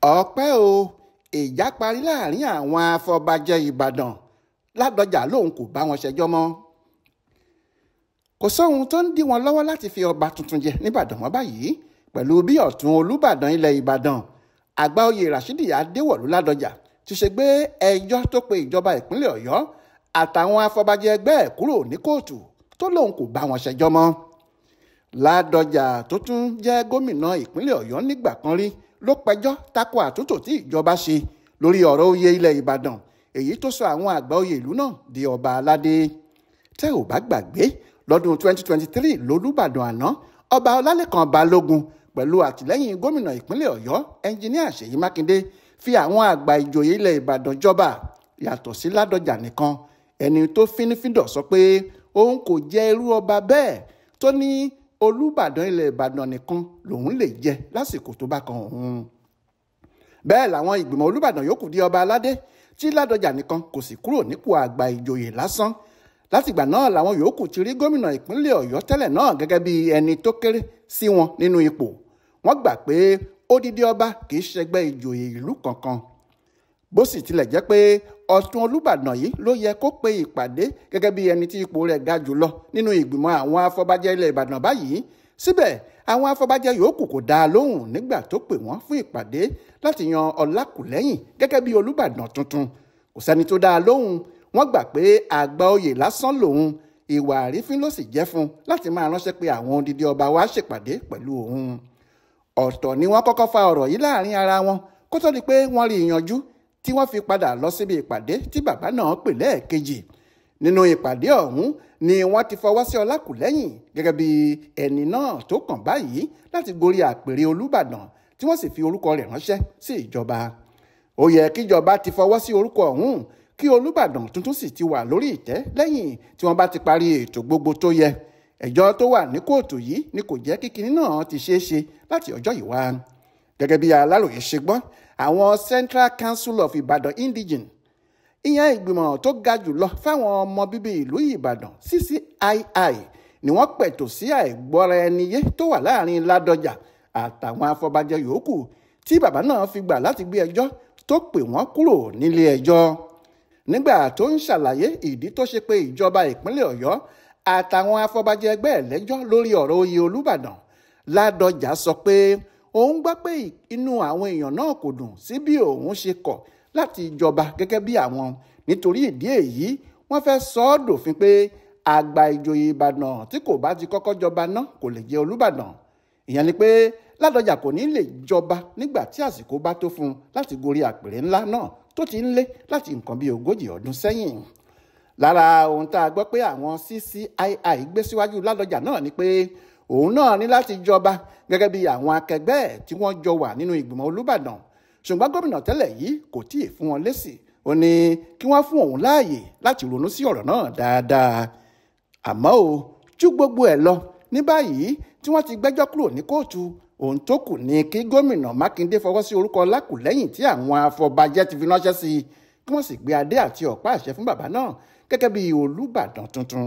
ọpẹ́ o ìjà parí láàrin àwọn afọbajẹ ìbàdàn ládọjà lòun kò bá wọn ṣẹjọ́ mọ́ kò sóhun tó ń dí wọn lọ́wọ́ láti fi ọba tuntun jẹ níbàdàn wọn báyìí pẹ̀lú bí ọ̀tún olúbàdàn ilẹ̀ ìbàdàn àgbà rashidi adéwọ̀lú ládọjà ti ṣe gbé ẹjọ́ tó pe ìjọba ìpínlẹ̀ ọ̀yọ́ àtàwọn afọbajẹ ẹgbẹ́ ẹ̀ kúrò ní kóòtù tó lòun kò bá wọn ṣẹjọ́ mọ́ ládọjà tó tún jẹ́ gómìnà ìpínlẹ̀ ọ̀yọ́ nígbà kan rí ló pẹjọ́ tako àtúntò tí ìjọba ṣe lórí ọ̀rọ̀ oyè ilẹ̀ ìbàdàn èyí tó sọ àwọn àgbà oyè ìlú náà di ọba aládé tẹ́ ò bá gbàgbé lọ́dún 2023 lolúbàdàn àná ọba ọlálẹ́kan balógun pẹ̀lú àtìlẹ́yìn gómìnà ìpínlẹ̀ ọ̀yọ́ ẹnjiníà ṣèyí mákindé fi àwọn àgbà ìjòyè ilẹ̀ ìbàdàn jọba yàtọ̀ sí ládọjà nìkan ẹni tó fínífíndọ̀ sọ pé òun kò jẹ irú ọba bẹ́ẹ̀ tó ní olùbàdàn ilẹ̀ ìbàdàn nìkan lòun lè jẹ lásìkò tó bá kan òun bẹ́ẹ̀ làwọn ìgbìmọ̀ olùbàdàn yòókù di ọba aládé tí ládọjà nìkan kò sì kúrò nípò àgbà ìjòyè lásán látìgbà náà làwọn yòókù ti rí gómìnà ìpínlẹ̀ ọ̀yọ́ tẹ́lẹ̀ náà gẹ́gẹ́ bí ẹni tó kéré sí wọn nínú ipò wọ́n gbà pé odidi ọba kì í ṣẹgbẹ́ ìjòyè ìlú kankan bó sì tilẹ̀ jẹ́ pé ọ̀tún olùbàdàn yìí ló yẹ kó pe ìpàdé gẹ́gẹ́ bí ẹni tí ipò rẹ̀ ga jùlọ nínú ìgbìmọ̀ àwọn afọbajẹ ilẹ̀ ìbàdàn báyìí síbẹ̀ àwọn afọbajẹ yòókù kò dáa lóhùn nígbà tó pè wọ́n fún ìpàdé láti yan ọlákùlẹ́yìn gẹ́gẹ́ bí olùbàdàn tuntun kò sẹ́ni tó dáa lóhùn wọ́n gbà pé àgbà oyè lásán lòun ìwà àrífín ló sì jẹ́ fún láti máa ránṣẹ́ pé àwọn odidi ọba wa ṣèpàdé pẹ̀lú òun ọ̀tọ̀ ni wọ́n kọ́kọ́ fa ọ̀rọ̀ yìí láàrin ara wọn kó tó di pé wọ́n rí ìyanjú tí wọ́n fi padà lọ síbi ìpàdé tí bàbá náà pè lẹ́ẹ̀kejì nínú ìpàdé ọ̀hún ni wọ́n ti fọwọ́ sí ọlákùlẹ́yìn gẹ́gẹ́ bí ẹni náà tó kàn báyìí láti gorí àpèrè olúbàdàn tí wọ́n sì fi orúkọ rẹ̀ ránṣẹ́ sí ìjọba ó yẹ kíjọba ti fọwọ́ sí orúkọ ọ̀hún kí olúbàdàn tuntun sì ti wà lórí ìtẹ́ lẹ́yìn tí wọ́n bá ti parí ètò gbogbo tó yẹ ẹjọ́ tó wà ní kóòtù yìí ni kò jẹ́ kí kinní náà ti ṣeé ṣe láti ọjọ́ yìí wá gẹ́gẹ́ bí aláròye ṣe gbọ́ àwọn Central Council of Ibadan Indigene ìyẹn ìgbìmọ̀ tó ga jùlọ fáwọn ọmọ bíbí ìlú Ìbàdàn CCII ni wọ́n pẹ̀tù sí àìgbọ́ra-ẹniyé tó wà láàrin Ládọjà àtàwọn afọbajẹ yòókù tí bàbá náà fi gbà láti gbé ẹjọ́ tó pè wọ́n kúrò nílé ẹjọ́ nígbà tó ń ṣàlàyé ìdí tó ṣe pé ìjọba ìpínlẹ̀ Ọ̀yọ́ àtàwọn afọbajẹ ẹgbẹ́ ẹlẹ́jọ́ lórí ọ̀rọ̀ oyè Olúbàdàn Ládọjà sọ pé òun gbọ́ pé inú àwọn èèyàn náà kò dùn sí bí òun ṣe kọ̀ láti jọba gẹ́gẹ́ bí àwọn nítorí ìdí èyí wọ́n fẹ́ sọ ọ́ dòfin pé àgbà ìjòyè ìbàdàn tí kò bá ti kọ́kọ́ jọba náà kò lè jẹ́ olúbàdàn ìyẹn ni pé ládọjà kò ní lè jọba nígbà tí àsìkò bá tó fún un láti gorí àpèrè ńlá náà tó ti ń lé láti nǹkan bíi ogójì ọdún sẹ́yìn lára ohun tá a gbọ́ pé àwọn CCII gbé síwájú ládọjà náà ni pé òun náà ní láti jọba gẹ́gẹ́ bí àwọn akẹgbẹ́ ẹ̀ tí wọ́n jọ wà nínú ìgbìmọ̀ Olúbàdàn ṣùgbọ́n gómìnà tẹ́lẹ̀ yìí kò tíì fún wọn lésì ó ní kí wọ́n fún òun láàyè láti ronú sí ọ̀rọ̀ náà dáadáa àmọ́ o ju gbogbo ẹ̀ lọ ní báyìí tí wọ́n ti gbẹ́jọ́ kúrò ní kóòtù ohun tó kù ni kí gómìnà Mákindé fọwọ́ sí orúkọ lákùlẹ́yìn tí àwọn afọbajẹ́ ti fi ránṣẹ́ sí i kí wọ́n sì gbé adé àti ọ̀pá àṣẹ fún bàbá náà gẹ́gẹ́ bí Olúbàdàn tuntun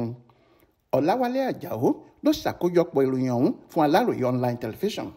ọ̀làwálé àjàó ló ṣàkójọpọ̀ ìròyìn ọ̀hún fún aláròye online television.